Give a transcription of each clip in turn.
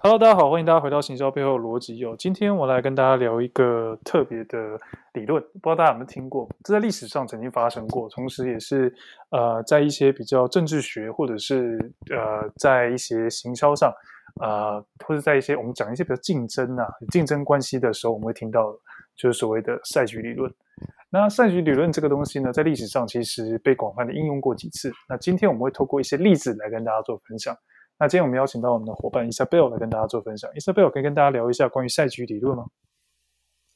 Hello，大家好，歡迎大家回到行銷背後的邏輯友。有今天，我來跟大家聊一個特別的理論，不知道大家有沒有聽過？這在歷史上曾經發生過，同時也是呃，在一些比較政治學，或者是呃，在一些行銷上，呃，或者在一些我們講一些比較競爭啊，競爭關係的時候，我們會聽到就是所謂的賽局理論。那賽局理論這個東西呢，在歷史上其實被廣泛的應用過幾次。那今天我們會透過一些例子來跟大家做分享。那今天我們邀請到我們的夥伴 Isabel 來跟大家做分享。Isabel 可以跟大家聊一下關於賽局理論嗎？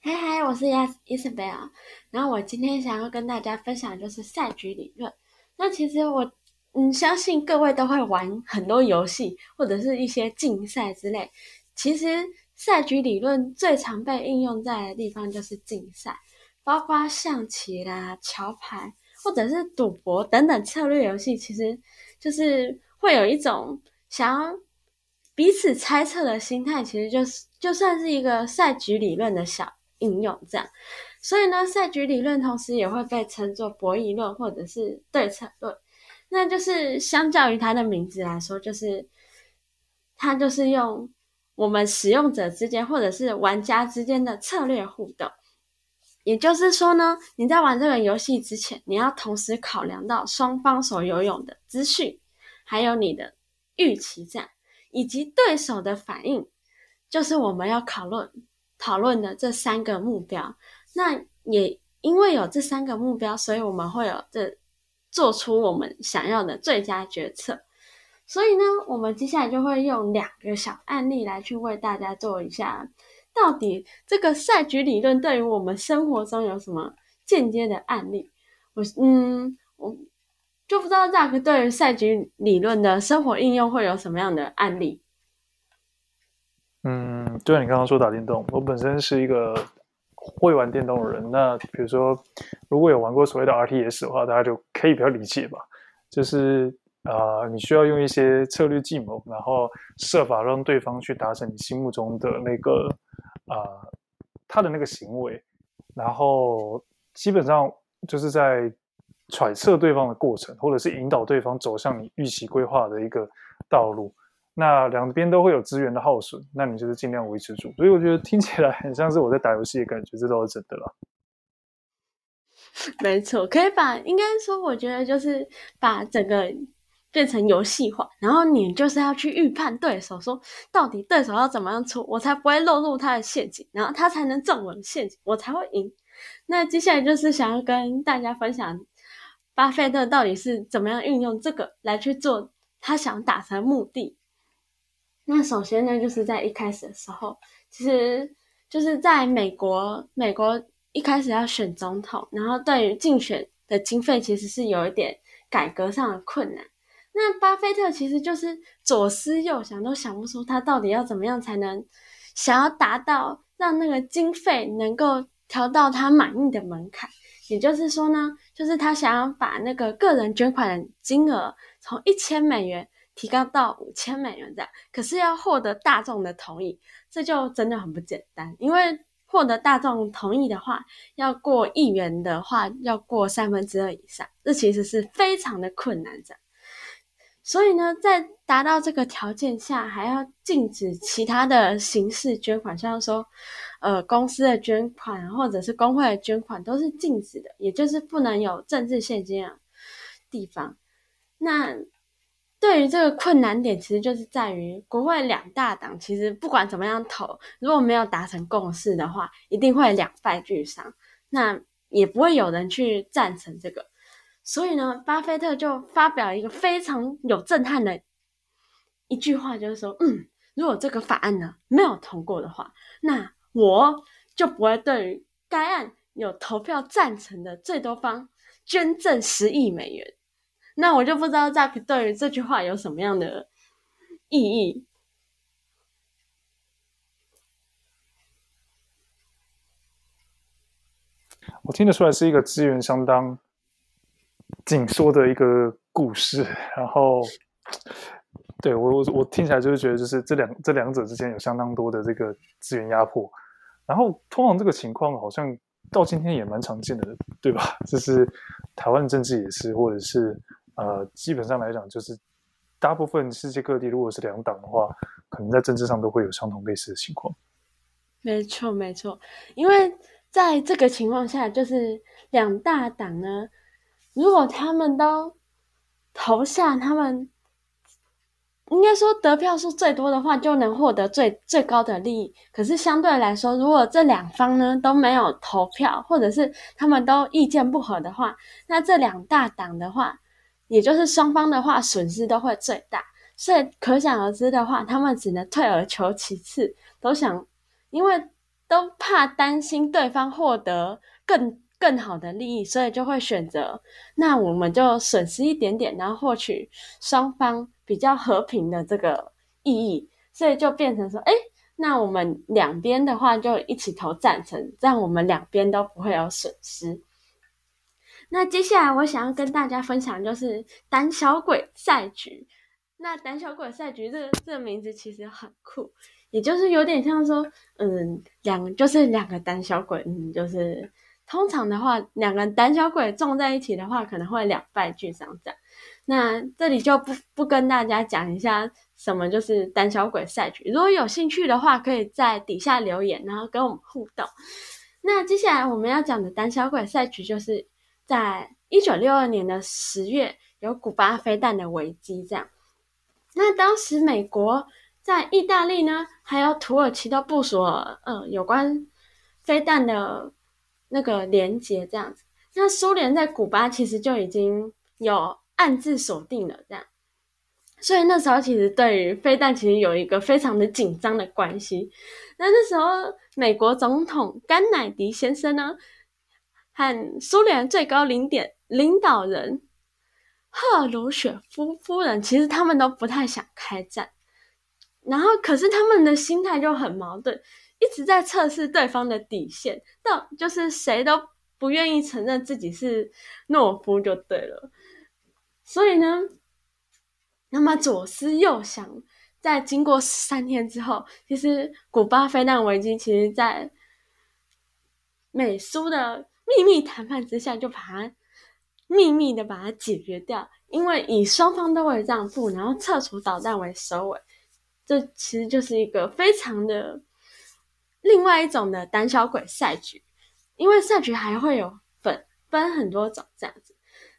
嗨嗨，我是 Yes, Isabel，然後我今天想要跟大家分享的就是賽局理論。那其實我嗯相信各位都會玩很多遊戲或者是一些競賽之類。其實賽局理論最常被應用在的地方就是競賽，包括象棋啦、橋牌、或者是賭博等等策略遊戲，其實就是會有一種。想要彼此猜測的心態，其實就是就算是一個賽局理論的小應用，這樣。所以呢，賽局理論同時也會被稱作博弈論或者是對策論。那就是相較於它的名字來說，就是它就是用我們使用者之間或者是玩家之間的策略互動。也就是說呢，你在玩這個遊戲之前，你要同時考量到雙方所擁有的資訊，還有你的。預期戰以及對手的反應，就是我們要討論討論的這三個目標。那也因為有這三個目標，所以我們會有這做出我們想要的最佳決策。所以呢，我們接下來就會用兩個小案例來去為大家做一下，到底這個賽局理論對於我們生活中有什麼間接的案例？我嗯。就不知道大 a c k 對於賽局理論的生活應用會有什麼樣的案例？嗯，對，你剛剛說打電動，我本身是一個會玩電動的人。那比如說，如果有玩過所謂的 RTS 的話，大家就可以比較理解吧。就是、呃、你需要用一些策略計謀，然後設法讓對方去達成你心目中的那個啊、呃、他的那個行為，然後基本上就是在。揣測對方的過程，或者是引導對方走向你預期規劃的一個道路，那兩邊都會有資源的耗損，那你就是盡量維持住。所以我覺得聽起來很像是我在打遊戲的感覺，這都是真的啦。沒錯，可以把應該說，我覺得就是把整個變成遊戲化，然後你就是要去預判對手，說到底對手要怎麼樣出，我才不會落入他的陷阱，然後他才能中我的陷阱，我才會贏。那接下來就是想要跟大家分享。巴菲特到底是怎麼樣運用這個來去做他想達成目的？那首先呢，就是在一開始的時候，其實就是在美國，美國一開始要選總統，然後對於競選的經費其實是有一點改革上的困難。那巴菲特其實就是左思右想，都想不出他到底要怎麼樣才能想要達到讓那個經費能夠調到他滿意的門檻。也就是說呢，就是他想要把那個個人捐款的金額從一千美元提高到五千美元這樣，可是要獲得大眾的同意，這就真的很不簡單。因為獲得大眾同意的話，要過議員的話，要過三分之二以上，這其實是非常的困難的。所以呢，在達到這個條件下，還要禁止其他的形式捐款，像說，呃，公司的捐款或者是工會的捐款都是禁止的，也就是不能有政治獻金的地方。那對於這個困難點，其實就是在於國會兩大黨，其實不管怎麼樣投，如果沒有達成共識的話，一定會兩敗俱傷，那也不會有人去贊成這個。所以呢，巴菲特就發表一個非常有震撼的一句話，就是說：“嗯，如果這個法案呢、啊、沒有通過的話，那我就不會對於該案有投票贊成的最多方捐贈十億美元。”那我就不知道 Jack 對於這句話有什麼樣的意義。我聽得出來是一個資源相當緊縮的一個故事，然後對我我我聽起來就是覺得，就是這兩這兩者之間有相當多的這個資源壓迫，然後通常這個情況好像到今天也蠻常見的，對吧？就是台灣政治也是，或者是呃，基本上來講，就是大部分世界各地，如果是兩黨的話，可能在政治上都會有相同類似的情況。沒錯，沒錯，因為在這個情況下，就是兩大黨呢。如果他們都投下，他們應該說得票數最多的話，就能獲得最最高的利益。可是相對來說，如果這兩方呢都沒有投票，或者是他們都意見不合的話，那這兩大黨的話，也就是雙方的話，損失都會最大。所以可想而知的話，他們只能退而求其次，都想，因為都怕擔心對方獲得更更好的利益，所以就會選擇。那我們就損失一點點，然後獲取雙方比較和平的這個意義。所以就變成說，哎，那我們兩邊的話就一起投贊成，這樣我們兩邊都不會有損失。那接下來我想要跟大家分享就是膽小鬼賽局。那膽小鬼賽局這個、這個名字其實很酷，也就是有點像說，嗯，兩就是兩個膽小鬼，嗯，就是。通常的話，兩個人膽小鬼撞在一起的話，可能會兩敗俱傷這樣。那這裡就不不跟大家講一下什麼就是膽小鬼賽局。如果有興趣的話，可以在底下留言，然後跟我們互動。那接下來我們要講的膽小鬼賽局，就是在一九六二年的十月，有古巴飛彈的危機這樣。那當時美國在意大利呢，還有土耳其都部署了，嗯、呃，有關飛彈的。那個連結這樣子，那蘇聯在古巴其實就已經有暗自鎖定了這樣，所以那時候其實對於飛彈其實有一個非常的緊張的關係。那那時候美國總統甘乃迪先生呢，和蘇聯最高領點領導人赫魯雪夫夫人，其實他們都不太想開戰，然後可是他們的心態就很矛盾。一直在測試對方的底線，那就是誰都不願意承認自己是懦夫就對了。所以呢，那麼左思右想，在經過三天之後，其實古巴飛彈危機其實在美蘇的祕密談判之下，就把它祕密的把它解決掉，因為以雙方都會讓步，然後撤除導彈為收尾，這其實就是一個非常的。另外一種的膽小鬼賽局，因為賽局還會有分分很多種這樣子，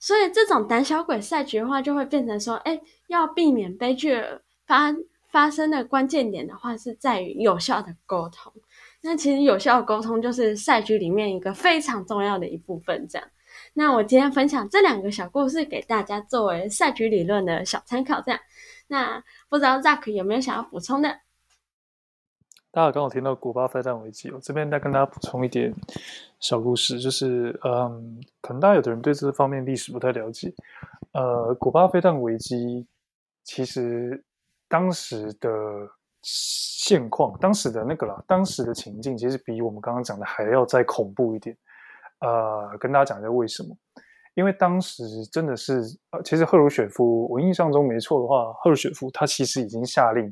所以這種膽小鬼賽局的話，就會變成說，哎、欸，要避免悲劇發發生的關鍵點的話，是在於有效的溝通。那其實有效的溝通就是賽局裡面一個非常重要的一部分。這樣，那我今天分享這兩個小故事給大家，作為賽局理論的小參考。這樣，那不知道 Zack 有沒有想要補充的？大家剛好聽到古巴飛彈危機，我這邊再跟大家補充一點小故事，就是，嗯，可能大家有的人對這方面歷史不太了解，呃，古巴飛彈危機其實當時的現況，當時的那個啦，當時的情境其實比我們剛剛講的還要再恐怖一點，呃，跟大家講一下為什麼，因為當時真的是，呃，其實赫魯雪夫，我印象中沒錯的話，赫魯雪夫他其實已經下令。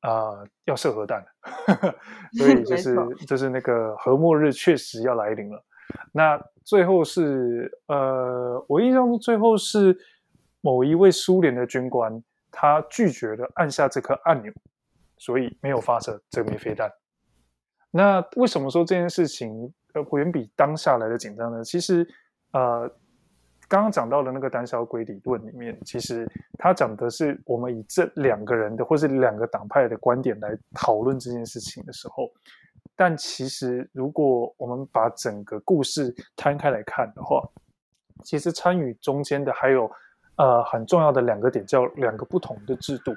啊、呃，要射核彈， 所以就是就是那個核末日確實要來臨了。那最後是呃，我印象中最後是某一位蘇聯的軍官，他拒絕了按下這顆按鈕，所以沒有發射這枚飛彈。那為什麼說這件事情呃遠比當下來的緊張呢？其實呃。剛剛講到的那個膽小鬼理論裡面，其實他講的是我們以這兩個人的或是兩個黨派的觀點來討論這件事情的時候，但其實如果我們把整個故事攤開來看的話，其實參與中間的還有呃很重要的兩個點，叫兩個不同的制度，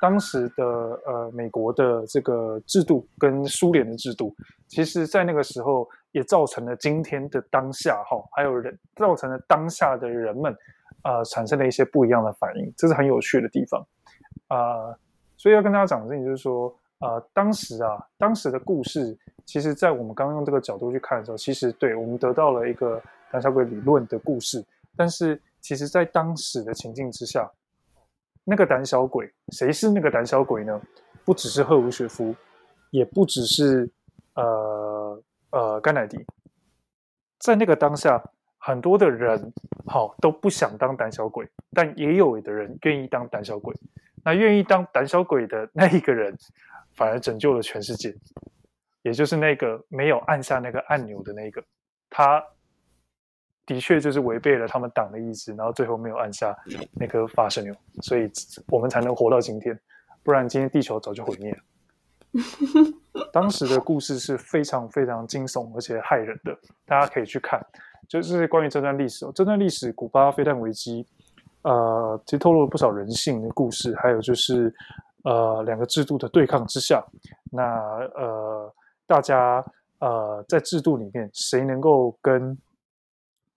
當時的呃美國的這個制度跟蘇聯的制度，其實在那個時候。也造成了今天的當下，哈，還有人造成了當下的人們，呃，產生了一些不一樣的反應，這是很有趣的地方，啊、呃，所以要跟大家講的事情就是說，啊、呃，當時啊，當時的故事，其實在我們剛剛用這個角度去看的時候，其實對，我們得到了一個膽小鬼理論的故事，但是其實在當時的情境之下，那個膽小鬼，誰是那個膽小鬼呢？不只是赫魯曉夫，也不只是，呃。呃，甘乃迪在那個當下，很多的人好、哦、都不想當膽小鬼，但也有的人願意當膽小鬼。那願意當膽小鬼的那一個人，反而拯救了全世界，也就是那個沒有按下那個按鈕的那個，他的確就是違背了他們黨的意志，然後最後沒有按下那顆發射鈕，所以我們才能活到今天，不然今天地球早就毀滅了。 當時的故事是非常非常驚悚而且駭人的，大家可以去看。就是關於這段歷史，這段歷史古巴飛彈危機，呃，其實透露了不少人性的故事，還有就是呃，兩個制度的對抗之下，那呃，大家呃，在制度裡面，誰能夠跟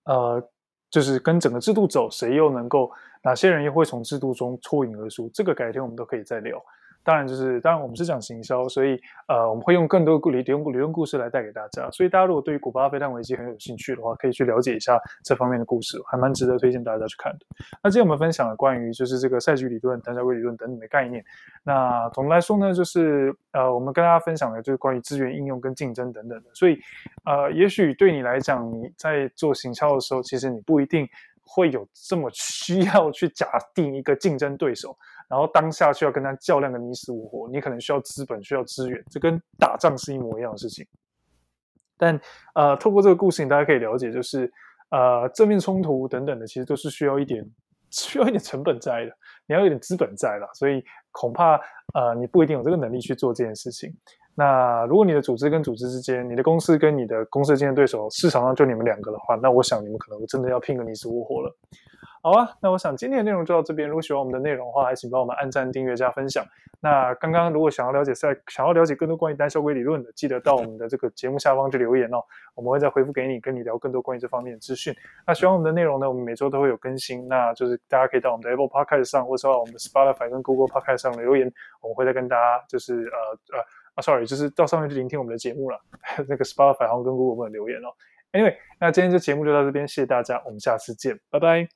呃，就是跟整個制度走，誰又能夠，哪些人又會從制度中脫穎而出？這個改天我們都可以再聊。當然就是，當然我們是講行銷，所以呃，我們會用更多理、理論故事來帶給大家。所以大家如果對於古巴飛彈危機很有興趣的話，可以去了解一下這方面的故事，還蠻值得推薦大家去看的。那今天我們分享了關於就是這個賽局理論、彈夾理論等等的概念。那總的來說呢，就是呃，我們跟大家分享的就是關於資源應用跟競爭等等的。所以呃，也許對你來講，你在做行銷的時候，其實你不一定會有這麼需要去假定一個競爭對手。然後當下去要跟他較量的你死我活，你可能需要資本，需要資源，這跟打仗是一模一樣的事情。但呃，透過這個故事，你大家可以了解，就是呃正面衝突等等的，其實都是需要一點需要一點成本在的，你要有點資本在啦，所以恐怕呃你不一定有這個能力去做這件事情。那如果你的組織跟組織之間，你的公司跟你的公司的競爭對手，市場上就你們兩個的話，那我想你們可能我真的要拼個你死我活了。好啊，那我想今天的內容就到這邊。如果喜歡我們的內容的話，還請幫我們按讚、訂閱、加分享。那剛剛如果想要了解賽，想要了解更多關於賽局理論的，記得到我們的這個節目下方去留言哦，我們會再回覆給你，跟你聊更多關於這方面的資訊。那喜歡我們的內容呢，我們每周都會有更新，那就是大家可以到我們的 Apple Podcast 上，或者說我們的 Spotify 跟 Google Podcast 上留言，我們會再跟大家就是呃呃啊，sorry，就是到上面去聆聽我們的節目了。 那個 Spotify 和跟 Google 的留言哦。Anyway，那今天這節目就到這邊，謝謝大家，我們下次見，拜拜。